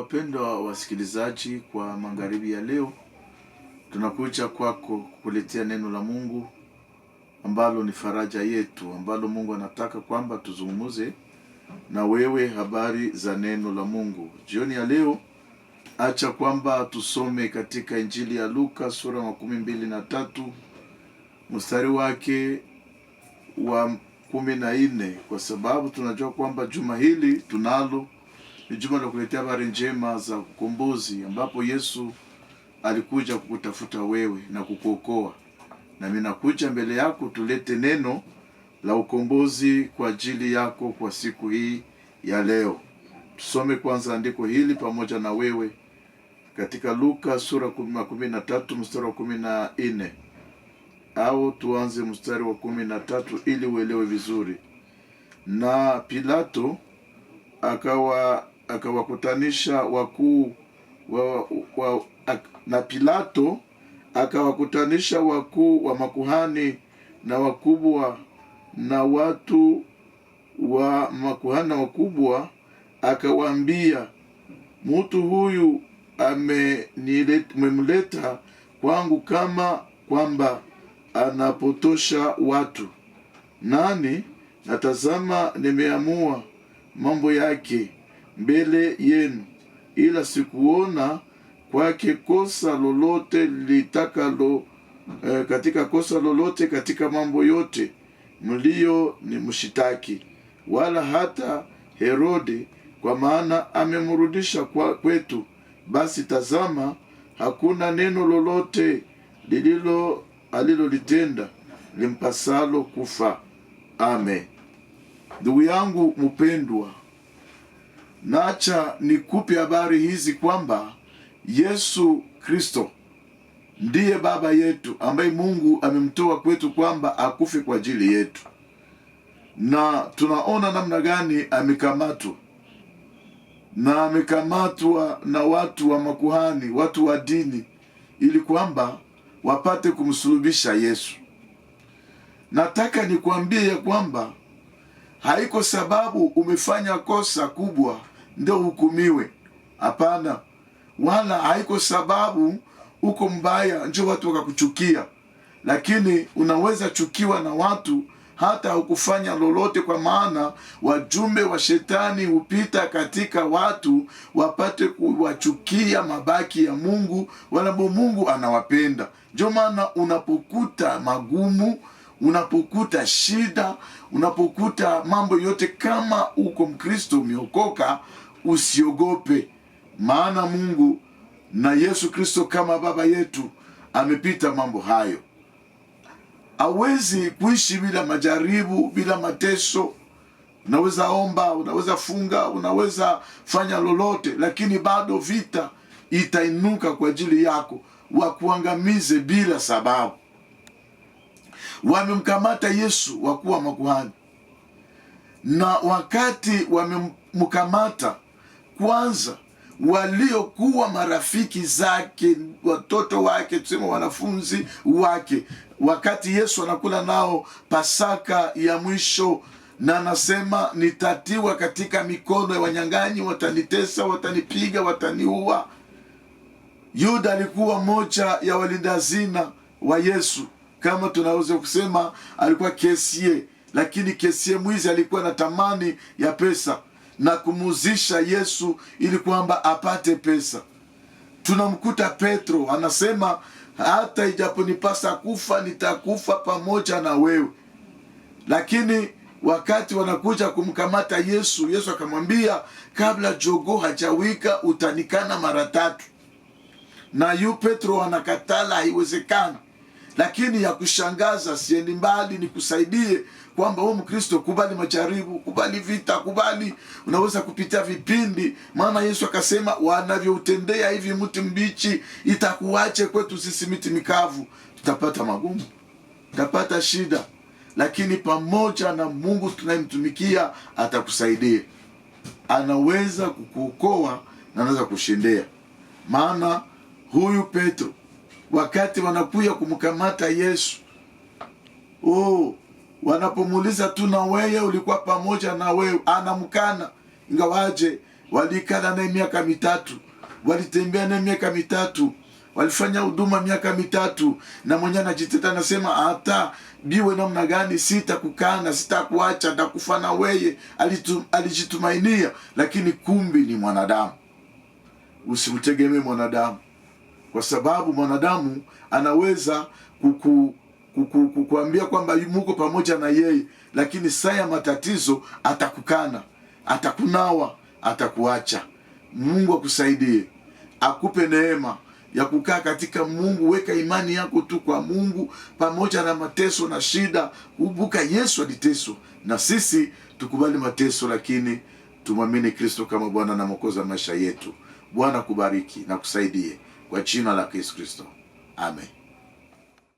Wapendwa wasikilizaji, kwa magharibi ya leo tunakuja kwako kukuletea neno la Mungu ambalo ni faraja yetu, ambalo Mungu anataka kwamba tuzungumuze na wewe habari za neno la Mungu jioni ya leo. Acha kwamba tusome katika Injili ya Luka sura makumi mbili na tatu mstari wake wa kumi na nne kwa sababu tunajua kwamba juma hili tunalo ni juma la kuletea habari njema za ukombozi, ambapo Yesu alikuja kukutafuta wewe na kukuokoa. Nami nakuja mbele yako, tulete neno la ukombozi kwa ajili yako kwa siku hii ya leo. Tusome kwanza andiko hili pamoja na wewe katika Luka sura ya kumi na tatu mstari wa kumi na nne au tuanze mstari wa kumi na tatu ili uelewe vizuri. Na Pilato akawa akawakutanisha wakuu wa, wa, ak, na Pilato akawakutanisha wakuu wa makuhani na wakubwa na watu wa makuhani na wakubwa, akawaambia, mutu huyu amemleta kwangu kama kwamba anapotosha watu nani, natazama nimeamua mambo yake mbele yenu, ila sikuona kwake kosa lolote litakalo eh, katika kosa lolote katika mambo yote mlio ni mshitaki, wala hata Herode, kwa maana amemrudisha kwa kwetu. Basi tazama, hakuna neno lolote lililo alilolitenda limpasalo kufa. Amen. Ndugu yangu mpendwa naacha acha nikupe habari hizi kwamba Yesu Kristo ndiye baba yetu ambaye Mungu amemtoa kwetu kwamba akufe kwa ajili yetu, na tunaona namna gani amekamatwa na amekamatwa na watu wa makuhani, watu wa dini, ili kwamba wapate kumsulubisha Yesu. Nataka nikwambie ya kwamba haiko sababu umefanya kosa kubwa ndio uhukumiwe. Hapana, wala haiko sababu uko mbaya njo watu wakakuchukia, lakini unaweza chukiwa na watu hata hukufanya lolote, kwa maana wajumbe wa shetani hupita katika watu wapate kuwachukia mabaki ya Mungu, wala Mungu anawapenda. Ndio maana unapokuta magumu unapokuta shida, unapokuta mambo yote, kama uko Mkristo umeokoka, usiogope, maana Mungu na Yesu Kristo kama baba yetu amepita mambo hayo. Hawezi kuishi bila majaribu, bila mateso. Unaweza omba, unaweza funga, unaweza fanya lolote, lakini bado vita itainuka kwa ajili yako, wakuangamize bila sababu wamemkamata Yesu wakuwa wa makuhani, na wakati wamemkamata, kwanza waliokuwa marafiki zake, watoto wake, tuseme wanafunzi wake, wakati Yesu anakula nao Pasaka ya mwisho na anasema nitatiwa katika mikono ya wanyang'anyi, watanitesa, watanipiga, wataniua. Yuda alikuwa moja ya walinda hazina wa Yesu kama tunaweza kusema alikuwa kesie, lakini kesie mwizi alikuwa na tamani ya pesa na kumuuzisha Yesu ili kwamba apate pesa. Tunamkuta Petro anasema hata ijaponipasa kufa nitakufa pamoja na wewe. Lakini wakati wanakuja kumkamata Yesu, Yesu akamwambia kabla jogo hajawika utanikana mara tatu, na yu Petro anakatala, haiwezekana. Lakini ya kushangaza, siendi mbali, nikusaidie kwamba huu Mkristo, kubali majaribu, kubali vita, kubali unaweza kupitia vipindi. Maana Yesu akasema, wanavyoutendea hivi mti mbichi, itakuache kwetu sisi miti mikavu? Tutapata magumu, tutapata shida, lakini pamoja na Mungu tunayemtumikia atakusaidia, anaweza kukuokoa na anaweza kushindea. Maana huyu Petro wakati wanakuya kumkamata Yesu. Oh, wanapomuuliza tu na wewe ulikuwa pamoja na wewe, anamkana ingawaje walikala naye miaka mitatu, walitembea naye miaka mitatu, walifanya huduma miaka mitatu, na mwenye anajiteta anasema, hata biwe namna gani sitakukana, sitakuacha, nitakufa na weye. Alijitumainia, lakini kumbi ni mwanadamu. Usimtegemee mwanadamu kwa sababu mwanadamu anaweza kuku kukuambia kwamba muko pamoja na yeye, lakini saa ya matatizo atakukana, atakunawa, atakuacha. Mungu akusaidie, akupe neema ya kukaa katika Mungu. Weka imani yako tu kwa Mungu pamoja na mateso na shida. Kumbuka Yesu aliteswa, na sisi tukubali mateso, lakini tumwamini Kristo kama Bwana na Mwokozi wa maisha yetu. Bwana kubariki na kusaidie kwa jina la Yesu Kristo, amen.